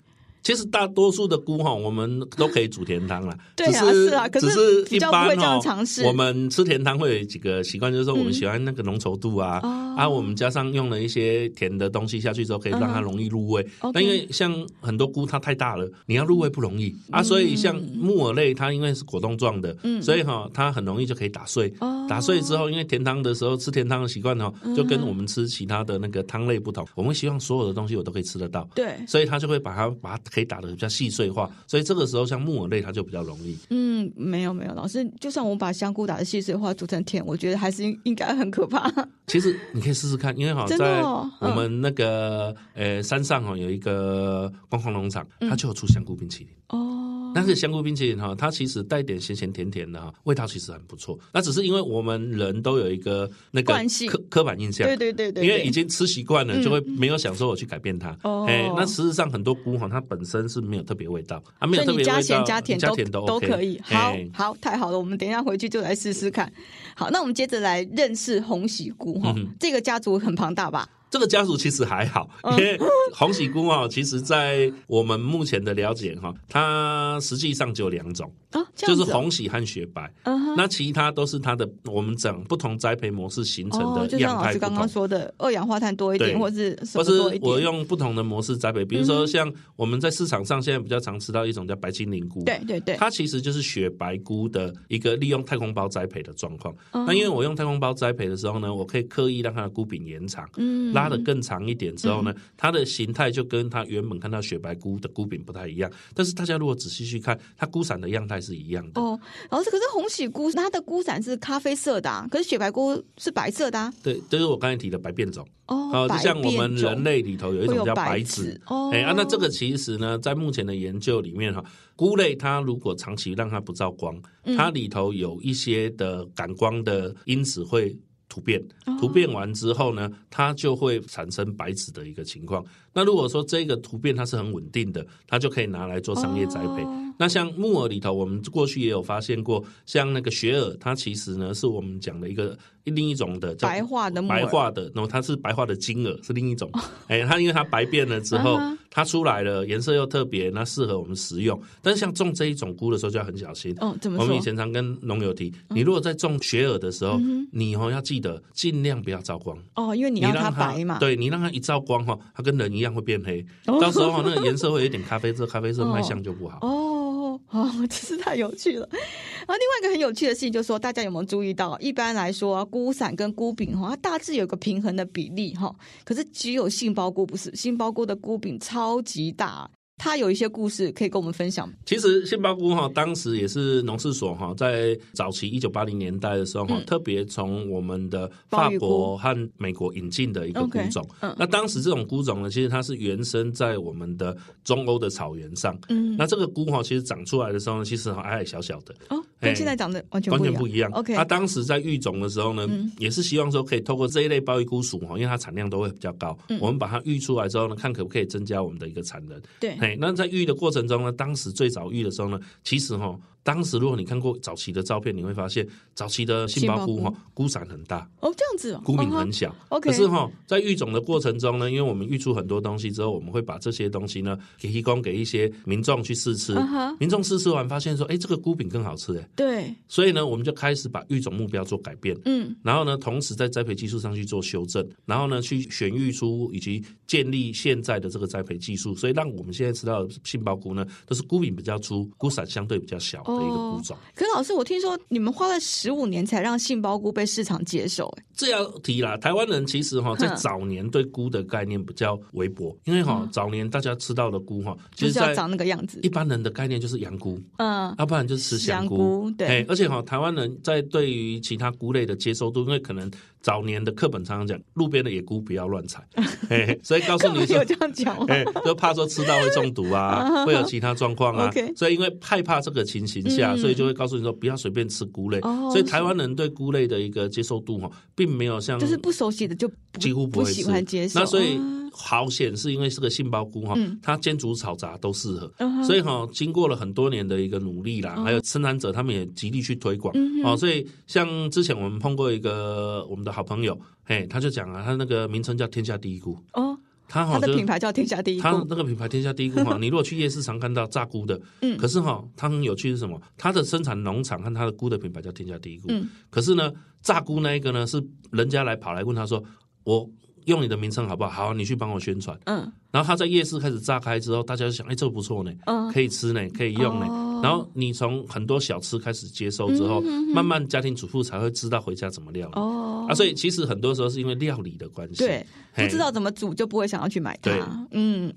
其實大多數的菇哈，我們都可以煮甜湯啦。 對啊，只是，是啊，是，只是一般哈，我們吃甜湯會有幾個習慣，就是說我們喜歡那個濃稠度啊，嗯哦、啊，我們加上用了一些甜的東西下去之後，可以讓它容易入味。那、嗯、因為像很多菇它太大了，你要入味不容易、嗯、啊，所以像木耳類它因為是果凍狀的，嗯、所以哈它很容易就可以打碎。嗯、打碎之後，因為甜湯的時候吃甜湯的習慣呢，就跟我們吃其他的那個湯類不同，嗯、我們希望所有的東西我都可以吃得到。對，所以它就會把它把它。可以打得比較細碎化，所以這個時候像木耳類它就比較容易。嗯，沒有沒有，老師，就算我們把香菇打得細碎化煮成甜，我覺得還是應應該很可怕。其實你可以試試看，因為哈、哦，哦、在我們那個呃山上哦有一個觀光，光農場，它就有出香菇冰淇淋、嗯、哦。但是香菇冰淇淋哈，它其實帶點鹹鹹甜甜的哈，味道其實很不錯。那只是因為我們人都有一個那個刻刻板印象，對，對對對對，因為已經吃習慣了，嗯、就會沒有想說我去改變它。哦、哎，那事實上很多菇哈，它本身是沒有特別味道，啊，沒有特別味道，加鹹加甜加甜都都，都，可都可以。好、哎、好，太好了，我們等一下回去就來試試看。好，那我們接着來認識鴻喜菇哈，哦嗯、哼這個家族很龐大吧？這個家族其實還好，因為鴻喜菇哦，其實在我們目前的了解哈，它實際上就有兩種，啊、就是鴻喜和雪白。啊、哼那其他都是它的我們講不同栽培模式形成的樣、哦。就像老師剛剛說的，二氧化碳多一點，對或是或是我用不同的模式栽培，比如說像我們在市場上現在比較常吃到一種叫白精靈菇。嗯、對對,對它其實就是雪白菇的一個利用太空包栽培的狀況。那、嗯、因為我用太空包栽培的時候呢，我可以刻意讓它的菇柄延長。嗯。拉的更長一點之後呢，嗯、它的形態就跟它原本看到雪白菇的菇柄不太一樣。但是大家如果仔細去看，它菇傘的樣態是一樣的。哦，然後可是鴻喜菇它的菇傘是咖啡色的、啊，可是雪白菇是白色的、啊。對，這、就是我剛才提的白變種。哦，哦，就像我們人類裡頭有一種叫白子。哦、哎啊，那這個其實呢，在目前的研究裡面哈，菇類它如果長期讓它不照光，它裡頭有一些的感光的因子會。突變，突變完之後呢，它就會產生白化的一個情況。那如果說這個突變它是很穩定的，它就可以拿來做商業栽培。哦、那像木耳裡頭，我們過去也有發現過，像那個雪耳，它其實呢是我們講的一個另一種的叫白化的木耳白化的，然後它是白化的金耳是另一種。哎、哦欸，它因為它白變了之後，哦、它出來了顏色又特別，那適合我們食用。但是像種這一種菇的時候就要很小心。嗯哦、怎麼說？我們以前常跟農友提，你如果在種雪耳的時候，嗯、哼你哦要記得儘量不要照光哦，因為你讓它白嘛，你對你讓它一照光哈，它跟人一樣。會變黑，到時候、哦、那個顏色會有一點咖啡色。 咖啡色賣相就不好。哦好真、哦哦哦、是太有趣了。然後另外一個很有趣的事情，就是說大家有沒有注意到，一般來說、啊、菇傘跟菇柄哈、哦，它大致有個平衡的比例哈、哦，可是只有杏鮑菇不是，杏鮑菇的菇柄超級大、啊。它有一些故事可以跟我們分享嗎？其實，杏鮑菇哈，當時也是農試所哈，在早期一九八零年代的時候哈，特別從我們的法國和美國引進的一個菇種。那當時這種菇種呢，其實它是原生在我們的中歐的草原上。那這個菇哈，其實長出來的時候呢，其實還矮矮小小的哦，跟現在長得完全完全不一樣。OK，當時在育種的時候呢，也是希望說可以透過這一類鮑魚菇屬哈，因為它產量都會比較高。我們把它育出來之後呢，看可不可以增加我們的一個產能。對。哎，那在育的過程中呢，當時最早育的時候呢，其實齁。當時如果你看過早期的照片，你會發現早期的杏鮑菇哈菇傘很大哦，這樣子，哦、菇柄很小。Uh huh. OK，可是哈在育種的過程中呢，因為我們育出很多東西之後，我們會把這些東西呢提供給，給一些民眾去試吃。Uh huh. 民眾試吃完發現說，哎、欸，這個菇柄更好吃哎。對、uh，huh. 所以呢，我們就開始把育種目標做改變。嗯、uh，huh. 然後呢，同時在栽培技術上去做修正，然後呢，去選育出以及建立現在的這個栽培技術，所以讓我們現在吃到的杏鮑菇呢，都是菇柄比較粗，菇傘相對比較小。一個，可是老師，我聽說你們花了十五年才讓杏鮑菇被市場接受。哎，這要提啦，台灣人其實哈在早年對菇的概念比較微薄，因為哈早年大家吃到的菇哈就是要長那個樣子，一般人的概念就是羊菇，嗯，要不然就是吃香菇，對。而且哈台灣人在對於其他菇類的接受度，因為可能早年的課本常常講路邊的野菇不要亂採，所以告訴你說這樣講，就怕說吃到會中毒啊，會有其他狀況啊，所以因為害怕這個情形。下，嗯、所以就會告訴你說不要隨便吃菇類。哦、所以台灣人對菇類的一個接受度哈，並沒有像就是不熟悉的就幾乎不會喜歡接受。那所以好險是因為是個杏鮑菇哈，嗯、它煎煮炒炸都適合。哦、所以哈，經過了很多年的一個努力啦，哦、還有生產者他們也極力去推廣。嗯、哼哦，所以像之前我們碰過一個我們的好朋友，嘿，他就講了、啊，他那個名稱叫“天下第一菇”。哦。它、哦、的品牌叫天下第一。它那個品牌天下第一菇嘛， 你如果去夜市常看到炸菇的，嗯、可是哈、哦，它很有趣是什麼？它的生產農場和它的菇的品牌叫天下第一菇。嗯、可是呢，炸菇那一個呢是人家來跑來問他說，我用你的名稱好不好？好、啊，你去幫我宣傳。嗯、然後他在夜市開始炸開之後，大家就想，哎、欸，這不錯呢，嗯、可以吃呢，可以用呢。哦、然後你從很多小吃開始接受之後，嗯、哼哼慢慢家庭主婦才會知道回家怎麼料理。哦啊，所以其實很多時候是因為料理的關係，對，嘿不知道怎麼煮就不會想要去買它。對嗯，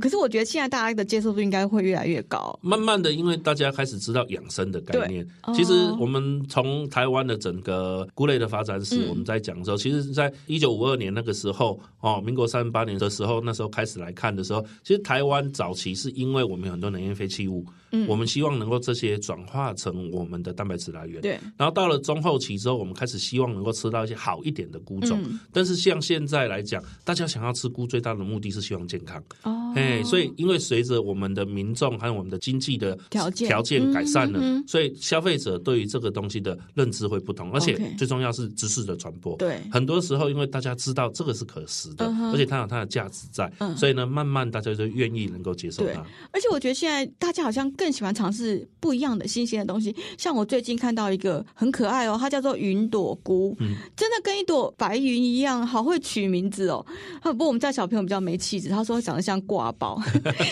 可是我覺得現在大家的接受度應該會越來越高。慢慢的，因為大家開始知道養生的概念。哦、其實我們從台灣的整個菇類的發展史，嗯、我們在講的時候，其實在一九五二年那個時候，哦，民國三十八年的時候，那時候開始來看的時候，其實台灣早期是因為我們有很多能源廢棄物，嗯，我們希望能夠這些轉化成我們的蛋白質來源。對，然後到了中後期之後，我們開始希望能夠吃到。而且好一點的菇種，但是像現在來講，大家想要吃菇最大的目的是希望健康。哦，所以因為隨着我們的民眾還有我們的經濟的條件改善了，所以消費者對於這個東西的認知會不同，而且最重要是知識的傳播。對，很多時候因為大家知道這個是可食的，而且它有它的價值在，所以呢，慢慢大家就願意能夠接受它。而且我覺得現在大家好像更喜歡嘗試不一樣的新鮮的東西，像我最近看到一個很可愛哦，它叫做雲朵菇。真的跟一朵白雲一樣，好會取名字哦！啊，不過，我們家小朋友比較沒氣質，他說長得像掛包，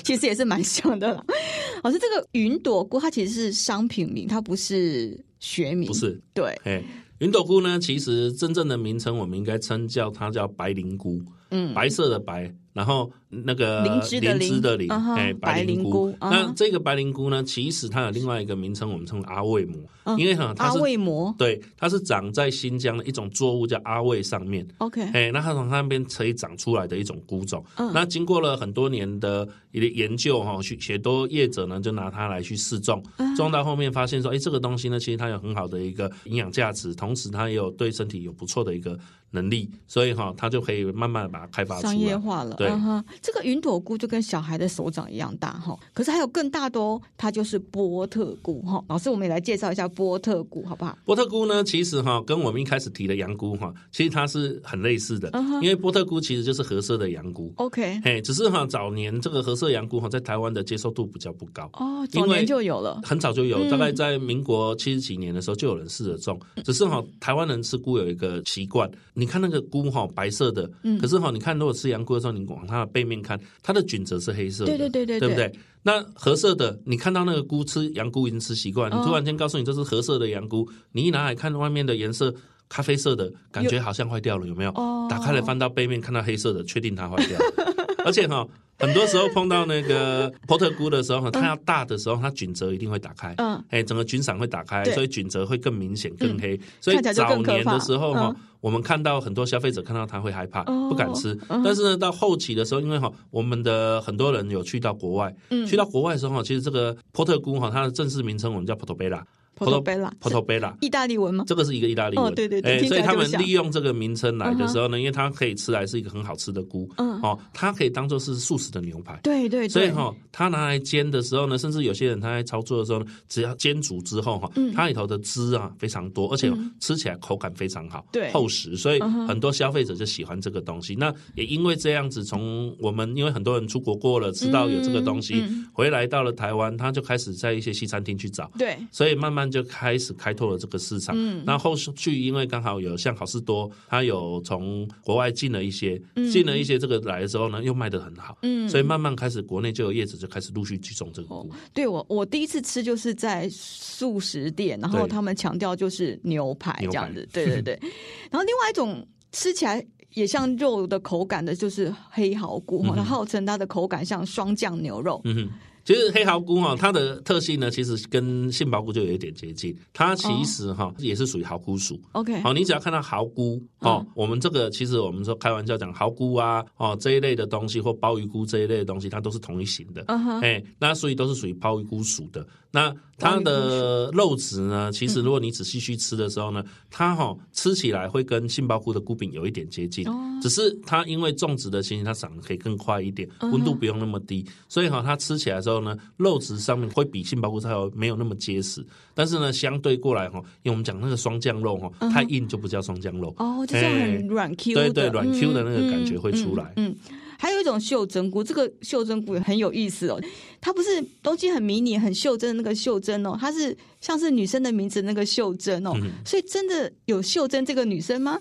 其實也是蠻像的。 老師，這個雲朵菇它其實是商品名，它不是學名。不是，對。雲朵菇呢，其實真正的名稱我們應該稱叫它叫白靈菇。嗯，白色的白，然後那個靈芝的靈，的啊、哎，白靈菇。啊、哈那這個白靈菇呢，其實它有另外一個名稱，我們稱為阿魏蘑，啊、因為哈、啊，阿魏蘑，對，它是長在新疆的一種作物，叫阿魏上面。OK，哎，那它從它那邊可以長出來的一種菇種。嗯、那經過了很多年的研究哈，許多業者呢，就拿它來去試種，種到後面發現說，哎，這個東西呢，其實它有很好的一個營養價值，同時它也有對身體有不錯的一個。能力，所以哈、哦，它就可以慢慢把它開發商業化了。對哈、嗯，這個雲朵菇就跟小孩的手掌一樣大哈，可是還有更大多。它就是波特菇哈、哦。老師，我們也來介紹一下波特菇好不好？波特菇呢，其實哈、哦，跟我們一開始提的洋菇哈，其實它是很類似的，嗯、哼因為波特菇其實就是褐色的洋菇。OK，只是哈、啊，早年這個褐色洋菇哈，在台灣的接受度比較不高哦，早年就有了，很早就有，嗯、大概在民國七十幾年的時候就有人試着種，嗯、只是哈、啊，台灣人吃菇有一個習慣。你看那個菇哈、哦，白色的，嗯、可是哈、哦，你看如果吃洋菇的時候，你往它的背面看，它的菌褶是黑色的，對，對對對對，對不對？那褐色的，你看到那個菇吃洋菇已經吃習慣，你突然間告訴你這是褐色的洋菇，哦、你一拿來看外面的顏色，咖啡色的，感覺好像壞掉了，有沒有？哦、打開來翻到背面看到黑色的，確定它壞掉。 而且哈、哦，很多時候碰到那個波特菇的時候，嗯、它要大的時候，它菌褶一定會打開，嗯，哎，整個菌傘會打開，對所以菌褶會更明顯、嗯、更黑。所以早年的時候哈，嗯、我們看到很多消費者看到它會害怕，不敢吃。哦、但是呢，嗯、到後期的時候，因為哈，我們的很多人有去到國外，嗯，去到國外的時候，其實這個波特菇哈，它的正式名稱我們叫 Portobella Portobella，Portobella，意大利文嗎？這個是一個意大利文。哎，所以他們利用這個名稱來的時候呢，因為它可以吃來是一個很好吃的菇，嗯，哦，它可以當做是素食的牛排，對對，所以哈，它拿來煎的時候呢，甚至有些人他在操作的時候，只要煎煮之後哈，它裡頭的汁啊非常多，而且吃起來口感非常好，對，厚實，所以很多消費者就喜歡這個東西。那也因為這樣子，從我們因為很多人出國過了，吃到有這個東西，回來到了台灣，他就開始在一些西餐廳去找，對，所以慢慢。就開始開拓了這個市場，嗯、然後去，因為剛好有像好市多，它有從國外進了一些，進、嗯、了一些這個來的時候呢，又賣得很好，嗯，所以慢慢開始國內就有業者就開始陸續種這個菇。哦、對我，我第一次吃就是在素食店，然後他們強調就是牛排這樣子，對，排對對對。然後另外一種吃起來也像肉的口感的，就是黑蠔菇，嗯、哼然後號稱它的口感像霜降牛肉，嗯哼。其實黑蠔菇哈，它的特性呢，其實跟杏鮑菇就有一點接近。它其實哈也是屬於蠔菇屬。OK，好，你只要看到蠔菇、嗯、哦，我們這個其實我們說開玩笑講蠔菇啊哦這一類的東西，或鮑魚菇這一類的東西，它都是同一型的。Uh huh. 哎，那所以都是屬於鮑魚菇屬的。那它的肉質呢？其實如果你仔細去吃的時候呢，嗯、它哈吃起來會跟杏鮑菇的菇柄有一點接近，哦、只是它因為種植的情形，形，它長得可以更快一點，溫度不用那麼低，嗯、哼所以哈它吃起來的時候呢，肉質上面會比杏鮑菇它沒有那麼結實，但是呢，相對過來哈，因為我們講那個霜降肉哈，太硬就不叫霜降肉哦，就是很軟 Q，的、欸、對對軟 Q 的那個感覺會出來。嗯，嗯，嗯，嗯，還有一種秀珍菇，這個秀珍菇也很有意思哦。它不是東西很迷你、很袖珍的那個袖珍哦，它是像是女生的名字的那個秀珍哦。嗯、所以真的有秀珍這個女生嗎？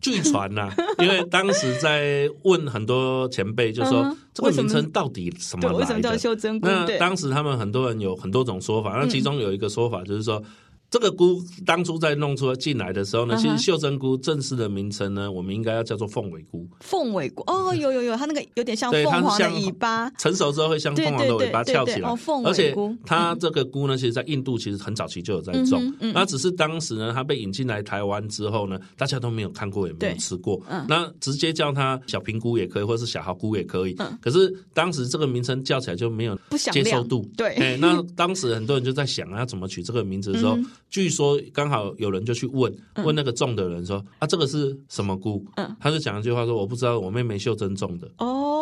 據傳吶、啊， 因為當時在問很多前輩，就說、嗯、這個名稱到底什麼來？為什麼叫秀珍？那當時他們很多人有很多種說法，那其中有一個說法就是說，嗯這個菇當初在弄出來進來的時候呢，uh huh. 其實秀珍菇正式的名稱呢，我們應該要叫做鳳尾菇。鳳尾菇，哦，有有有，它那個有點像鳳凰的尾巴，成熟之後會像鳳凰的尾巴翹起來。哦、鳳尾菇，而且它這個菇呢，其實在印度其實很早期就有在種，嗯嗯嗯、那只是當時呢，它被引進來台灣之後呢，大家都沒有看過也沒有吃過，嗯、那直接叫它小平菇也可以，或是小蠔菇也可以。嗯、可是當時這個名稱叫起來就沒有接受度，對、欸，那當時很多人就在想啊，怎麼取這個名字的時候。嗯據說剛好有人就去問問那個種的人說：“嗯、啊，這個是什麼菇？”嗯，他就講一句話說：“我不知道，我妹妹秀珍種的。”哦。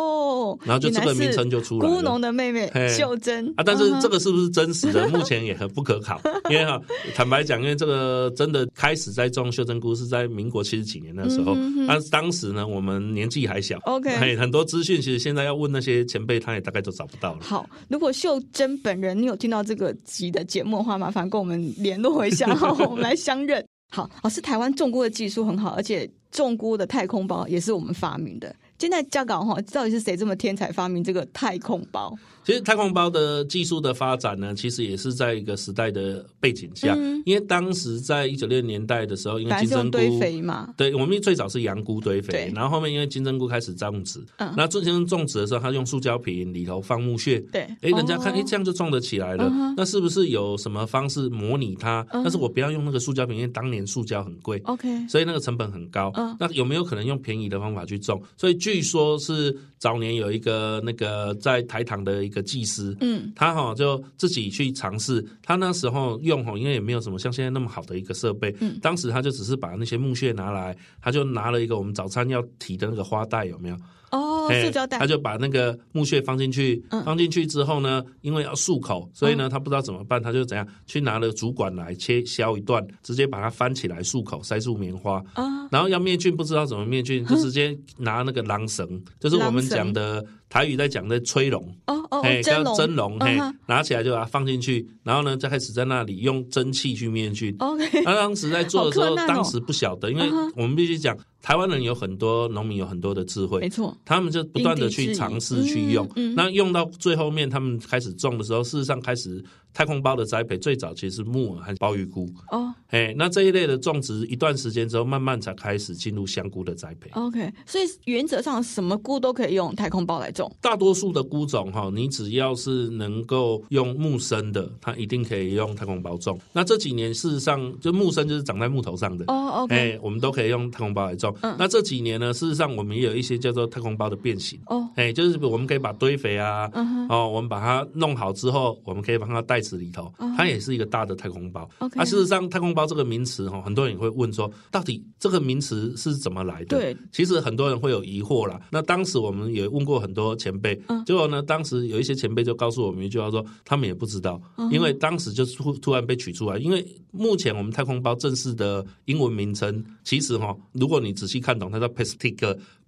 然後就這個名稱就出來了，菇農，的妹妹秀珍啊，但是這個是不是真實的？ 目前也很不可考，因為哈，坦白講，因為這個真的開始在種秀珍菇是在民國七十幾年的時候，那、嗯啊、當時呢，我們年紀還小，OK，很多資訊其實現在要問那些前輩，他也大概都找不到了。好，如果秀珍本人你有聽到這個集的節目的話，麻煩跟我們聯絡一下， 然後我們來相認。好，是台灣種菇的技術很好，而且種菇的太空包也是我們發明的。現在教稿哈，到底是誰這麼天才發明這個太空包？其實太空包的技術的發展呢，其實也是在一個時代的背景下，因為當時在一九六零年代的時候，因為金針菇堆肥嘛，對，我們最早是洋菇堆肥，然後後面因為金針菇開始種植，那最先種植的時候，他用塑膠瓶裡頭放木屑，對，哎，人家看，哎，這樣就種得起來了，那是不是有什麼方式模擬它？但是我不要用那個塑膠瓶，因為當年塑膠很貴，OK，所以那個成本很高，那有沒有可能用便宜的方法去種？所以。據說，是早年有一個那個在台糖的一個技師，嗯，他哈就自己去嘗試，他那時候用哈，因為也沒有什麼像現在那麼好的一個設備，嗯，當時他就只是把那些木屑拿來，他就拿了一個我們早餐要提的那個花袋，有沒有？哦塑膠袋，欸，他就把那個木屑放進去，嗯、放進去之後呢，因為要束口，所以呢，他不知道怎麼辦，嗯、他就怎樣去拿了竹管來切削一段，直接把它翻起來束口，塞住棉花、嗯、然後要滅菌，不知道怎麼滅菌，就直接拿那個狼繩，嗯、就是我們講的。台語在講在吹籠，哦。哎、oh, oh, 嘿，叫蒸籠，嘿。Uh huh. 拿起來就把它放進去，然後呢，再開始在那裡用蒸汽去滅菌。他 Okay.、啊、當時在做的時候，哦、當時不曉得，因為我們必須講，台灣人有很多農民，有很多的智慧，沒錯錯，他們就不斷的去嘗試去用，那用到最後面，他們開始種的時候，事實上開始。太空包的栽培最早其實是木耳還是鮑魚菇哦，哎、oh.，那這一類的種植一段時間之後，慢慢才開始進入香菇的栽培。OK，所以原則上什麼菇都可以用太空包來種。大多數的菇種哈、哦，你只要是能夠用木生的，它一定可以用太空包種。那這幾年事實上，就木生就是長在木頭上的哦哦，哎、oh, okay.，我們都可以用太空包來種。嗯、那這幾年呢，事實上我們也有一些叫做太空包的變形哦，哎、oh.，就是我們可以把堆肥啊，uh huh. 哦，我們把它弄好之後，我們可以把它帶。袋子裡頭，它也是一個大的太空包。那 Okay.、啊、事實上，太空包這個名詞哈，很多人也會問說，到底這個名詞是怎麼來的？對，其實很多人會有疑惑啦。那當時我們也問過很多前輩，嗯、結果呢，當時有一些前輩就告訴我們一句話說，說他們也不知道，嗯、因為當時就突突然被取出來。因為目前我們太空包正式的英文名稱，其實哈、哦，如果你仔細看懂，它叫 Pastic。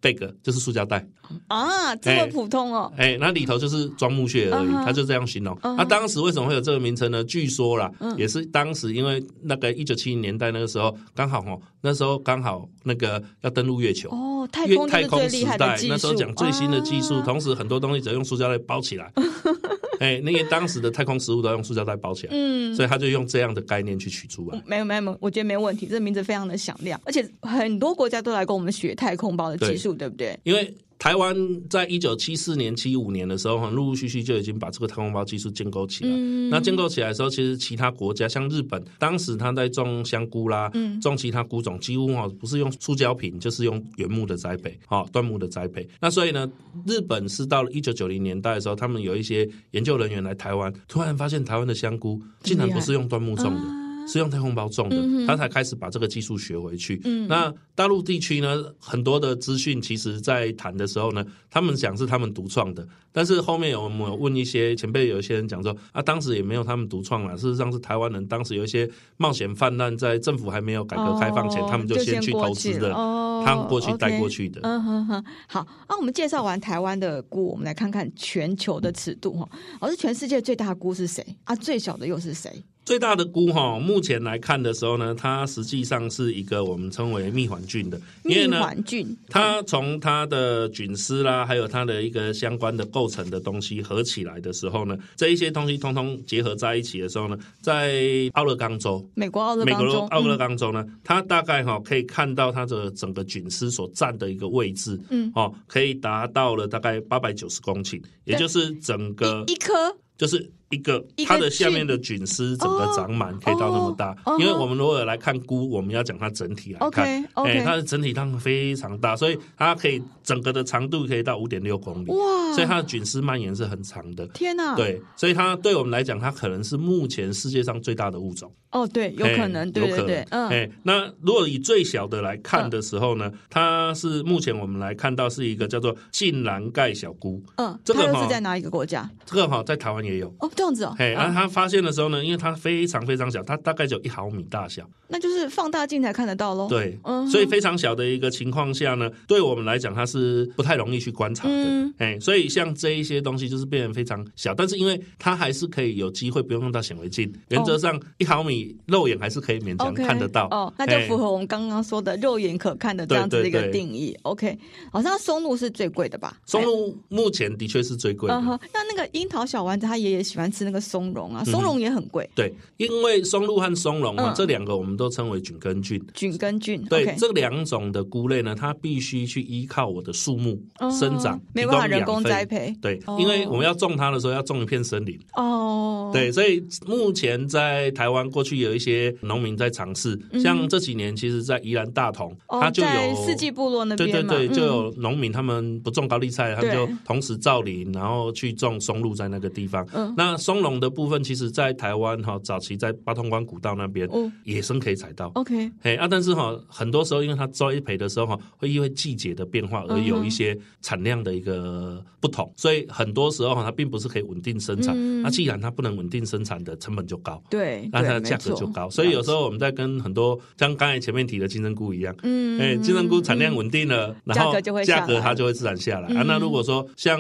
這個就是塑膠袋啊，這麼普通哦。哎、欸，那裡頭就是裝木屑而已，他、啊、哈就這樣形容。那、啊啊啊、當時為什麼會有這個名稱呢？據說啦，嗯、也是當時因為那個一九七零年代那個時候剛好哦。那時候剛好那個要登陸月球哦，太空是最厲害的太空時代，那時候講最新的技術，哇 同時很多東西只要用塑膠袋包起來。哎哇、欸，那個當時的太空食物都要用塑膠袋包起來，嗯，所以他就用這樣的概念去取出來。嗯嗯、沒有沒有，我覺得沒問題，這個名字非常的響亮，而且很多國家都來跟我們學太空包的技術，對不對？因為。台灣在一九七四年、七五年的時候，陸陸續續就已經把這個太空包技術建構起來。嗯、那建構起來的時候，其實其他國家像日本，當時他在種香菇啦，嗯、種其他菇種，幾乎哈不是用塑膠瓶，就是用原木的栽培，哈，椴木的栽培。那所以呢，日本是到了一九九零年代的時候，他們有一些研究人員來台灣，突然發現台灣的香菇竟然不是用椴木種的。是用太空包種的，嗯、哼他才開始把這個技術學回去。嗯、哼那大陸地區呢？很多的資訊，其實，在談的時候呢，他們講是他們獨創的，但是後面有我們有問一些前輩，有一些人講說啊，當時也沒有他們獨創了。事實上是台灣人，當時有一些冒險犯難，在政府還沒有改革開放前，哦、他們就先去投資的，他們、哦、過去帶過去的。哦、okay, 嗯哼哼，好那、啊、我們介紹完台灣的菇，我們來看看全球的尺度哈。而、嗯哦、是全世界最大的菇是誰啊？最小的又是誰？最大的菇哈，目前來看的時候呢，它實際上是一個我們稱為蜜環菌的。因為呢蜜環菌，它從它的菌絲啦，嗯、還有它的一個相關的構成的東西合起來的時候呢，這一些東西通通結合在一起的時候呢，在奧勒岡州，美國奧勒岡州，美國奧勒岡州呢，嗯、它大概哈可以看到它的整個菌絲所佔的一個位置，嗯，哦，可以達到了大概八百九十公頃，也就是整個一顆對就是。一個它的下面的菌絲整個長滿，oh, 可以到那麼大。Oh, uh huh. 因為我們如果來看菇，我們要講它整體來看，哎 Okay, okay.、欸，它的整體它非常大，所以它可以整個的長度可以到五點六公里，Wow. 所以它的菌絲蔓延是很長的。天吶、啊。對，所以它對我們來講，它可能是目前世界上最大的物種。哦，對，有可能，對對對，嗯，哎，那如果以最小的來看的時候呢，它是目前我們來看到是一個叫做晉藍蓋小菇，嗯，這個是在哪一個國家？這個哈，在台灣也有哦，這樣子哦，哎，然後他發現的時候呢，因為它非常非常小，它大概只有一毫米大小，那就是放大鏡才看得到嘍，對，嗯，所以非常小的一個情況下呢，對我們來講它是不太容易去觀察的，哎，所以像這一些東西就是變得非常小，但是因為它還是可以有機會不用用到顯微鏡，原則上一毫米。肉眼還是可以勉強看得到哦，那就符合我們剛剛說的肉眼可看的這樣子的一個定義。OK，好像松露是最貴的吧？松露目前的確是最貴的。那那個櫻桃小丸子他爺爺喜歡吃那個松茸啊，松茸也很貴。對，因為松露和松茸啊這兩個我們都稱為菌根菌，菌根菌。對，這兩種的菇類呢，它必須去依靠我的樹木生長，沒辦法人工栽培。對，因為我們要種它的時候要種一片森林哦。對，所以目前在台灣過去。去有一些農民在嘗試，像這幾年，其實在宜蘭大同，它就有四季部落那邊嘛，對對對，就有農民他們不種高麗菜，他們就同時造林，然後去種松露在那個地方。那松茸的部分，其實在台灣哈，早期在八通關古道那邊，野生可以採到。OK，哎啊，但是哈，很多時候因為它栽培的時候哈，會因為季節的變化而有一些產量的一個不同，所以很多時候哈，它並不是可以穩定生產。那既然它不能穩定生產的，成本就高。對，那它的價。就高，所以有時候我們在跟很多像剛才前面提的金針菇一樣，嗯，哎、欸，金針菇產量穩定了，嗯、然後價格它就會自然下來、嗯、啊。那如果說像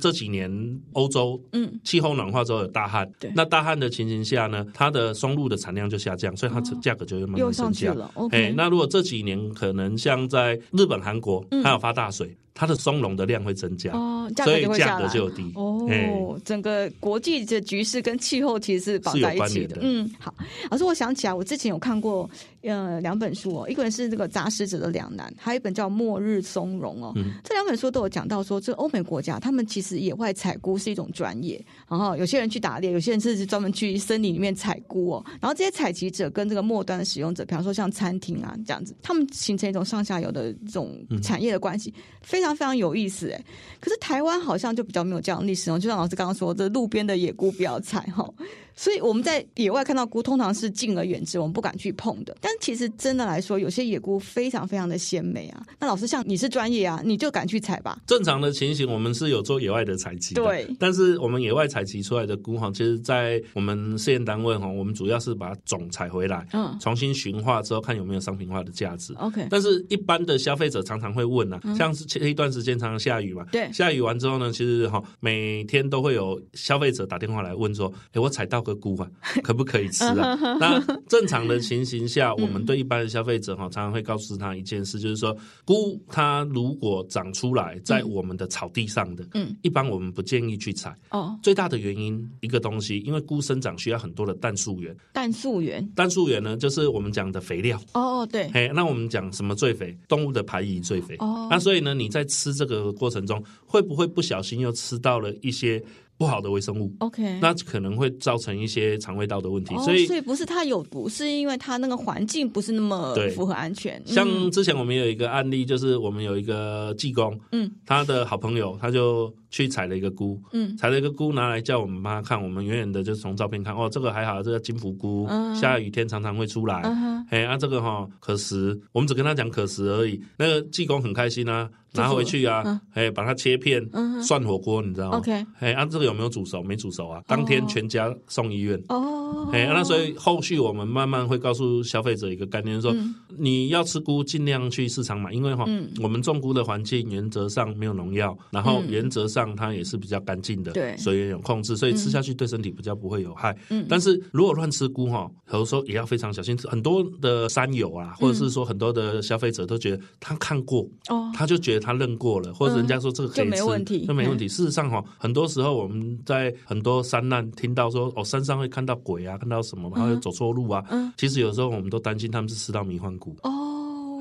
這幾年歐洲，嗯，氣候暖化之後有大旱，對，那大旱的情形下呢，它的松露的產量就下降，所以它價格就會慢慢升降。哦、o、okay 欸、那如果這幾年可能像在日本、韓國，它有發大水。嗯它的松茸的量會增加，哦、所以價格就低。哦，嗯、整個國際的局勢跟氣候其實是綁在一起的。的嗯，好，老師，我想起來，我之前有看過。呃、嗯，兩本書哦，一本是這個雜食者的兩難，還有一本叫《末日松茸》哦。嗯、這兩本書都有講到說，這歐美國家他們其實野外採菇是一種專業，然後有些人去打獵，有些人是專門去森林裡面採菇哦。然後這些採集者跟這個末端的使用者，比方說像餐廳啊這樣子，他們形成一種上下游的這種產業的關係，嗯、非常非常有意思哎。可是台灣好像就比較沒有這樣的歷史哦，就像老師剛剛說，這路邊的野菇不要採哈。所以我們在野外看到菇，通常是敬而遠之，我們不敢去碰的。但其實真的來說，有些野菇非常非常的鮮美啊。那老師，像你是專業啊，你就敢去採吧？正常的情形，我們是有做野外的採集的。對，但是我們野外採集出來的菇哈，其實，在我們試驗單位哈，我們主要是把種採回來，嗯，重新馴化之後，看有沒有商品化的價值。OK。但是，一般的消費者常常會問啊，像是前一段時間常常下雨嘛，對、嗯，下雨完之後呢，其實哈，每天都會有消費者打電話來問說：“誒，我採到。”菇啊，可不可以吃啊？ 那正常的情形下， 嗯、我們對一般的消費者哈，常常會告訴他一件事，就是說，菇它如果長出來在我們的草地上的，嗯，一般我們不建議去採哦。嗯、最大的原因，一個東西，因為菇生長需要很多的氮素源，氮素源，氮素源呢，就是我們講的肥料。哦對。哎，那我們講什麼最肥？動物的排遺最肥。哦，那所以呢，你在吃這個過程中，會不會不小心又吃到了一些？不好的微生物，OK，那可能會造成一些腸胃道的問題，oh, 所以所以不是它有毒，是因為它那個環境不是那麼符合安全。對嗯、像之前我們有一個案例，就是我們有一個技工，嗯，他的好朋友他就。去採了一個菇，採了一個菇拿來叫我們幫他看，我們遠遠的就從照片看，哦，這個還好，這個金福菇，下雨天常常會出來。哎，啊，這個哈可食，我們只跟他講可食而已。那個濟公很開心啊，拿回去啊，哎，把它切片涮火鍋，你知道嗎？哎，啊，這個有沒有煮熟？沒煮熟啊，當天全家送醫院。哦，哎，那所以後續我們慢慢會告訴消費者一個概念，就是說你要吃菇盡量去市場買，因為哈，我們種菇的環境原則上沒有農藥，然後原則上。讓它也是比較乾淨的，對，所以水源有控制，所以吃下去對身體比較不會有害。嗯，但是如果亂吃菇哈，有時候也要非常小心。很多的山友啊，或者是說很多的消費者都覺得他看過，哦，他就覺得他認過了，或者人家說這個可以吃，那、嗯、沒問題。問題嗯、事實上哈，很多時候我們在很多山難聽到說哦，山上會看到鬼啊，看到什麼，然後走錯路啊。嗯，其實有時候我們都擔心他們是吃到迷幻菇哦。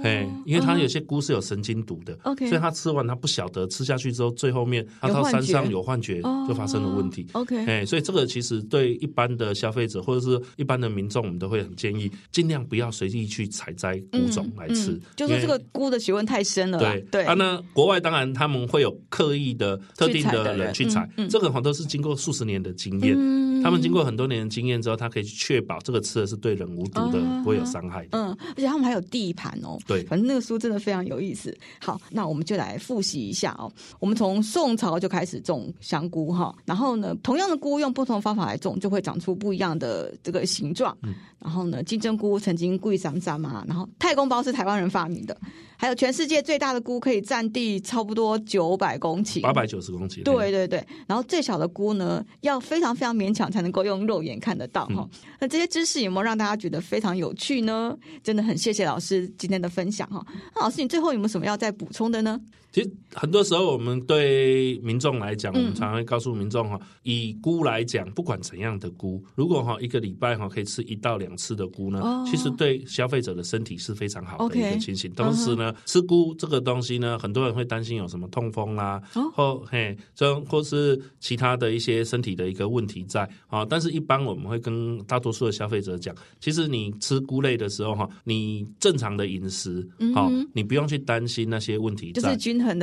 嘿，因為他有些菇是有神經毒的，OK，所以他吃完他不曉得，吃下去之後最後面他到山上有幻覺，oh. 就發生了問題，OK，嘿，所以這個其實對一般的消費者或者是一般的民眾，我們都會很建議，儘量不要隨意去採摘菇種來吃。嗯嗯，就是這個菇的學問太深了，對對啊，那國外當然他們會有刻意的特定的人去採，這個很多是經過數十年的經驗。嗯他們經過很多年的經驗之後，他可以確保這個吃的是對人無毒的，啊啊啊啊不會有傷害的。嗯，而且他們還有地盤哦。對，反正那個書真的非常有意思。好，那我們就來複習一下哦。我們從宋朝就開始種香菇哈。然後呢，同樣的菇用不同的方法來種，就會長出不一樣的這個形狀。嗯、然後呢，金針菇曾經貴參參嘛。然後太空包是台灣人發明的。還有全世界最大的菇可以占地差不多九百公頃，八百九十公頃。對對對。哎、呀然後最小的菇呢，要非常非常勉強。才能夠用肉眼看得到哈，嗯、那這些知識有沒有讓大家覺得非常有趣呢？真的很謝謝老師今天的分享哈。那、啊、老師，你最後有沒有什麼要再補充的呢？其實很多時候，我們對民眾來講，我們常常會告訴民眾哈，以菇來講，不管怎樣的菇，如果哈一個禮拜哈可以吃一到兩次的菇呢，其實對消費者的身體是非常好的一個情形。同時呢，吃菇這個東西呢，很多人會擔心有什麼痛風啦、啊，或嘿，這或是其他的一些身體的一個問題在啊。但是一般我們會跟大多數的消費者講，其實你吃菇類的時候哈，你正常的飲食，好，你不用去擔心那些問題在，在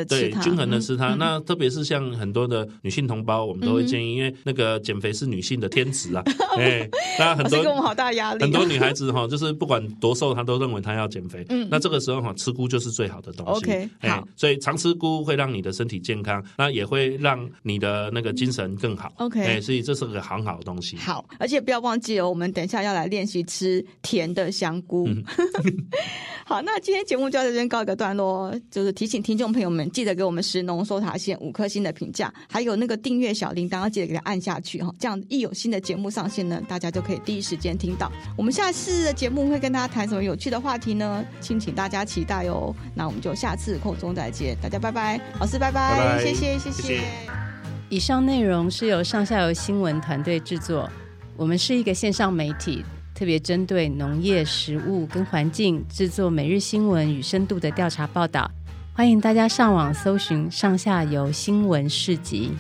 對，均衡的吃它。那特別是像很多的女性同胞，我們都會建議，因為那個減肥是女性的天職啊。哎，那很多給我好大壓力，很多女孩子哈，就是不管多瘦，她都認為她要減肥。嗯，那這個時候哈，吃菇就是最好的東西。OK，好，所以常吃菇會讓你的身體健康，那也會讓你的那個精神更好。OK，所以這是個很好的東西。好，而且不要忘記哦，我們等一下要來練習吃甜的香菇。好，那今天節目就在這邊告一個段落，就是提醒聽眾朋友們。我們記得給我們食農搜查線五顆星的評價，還有那個訂閱小鈴鐺要記得給它按下去哈，這樣一有新的節目上線呢，大家就可以第一時間聽到。我們下次的節目會跟大家談什麼有趣的話題呢？敬請大家期待哦。那我們就下次空中再見，大家拜拜，老師拜拜，謝謝拜謝謝。謝謝以上內容是由上下游新聞團隊制作，我們是一個線上媒體，特別針對農業、食物跟環境制作每日新聞與深度的調查報道。歡迎大家上網搜尋上下游新聞市集。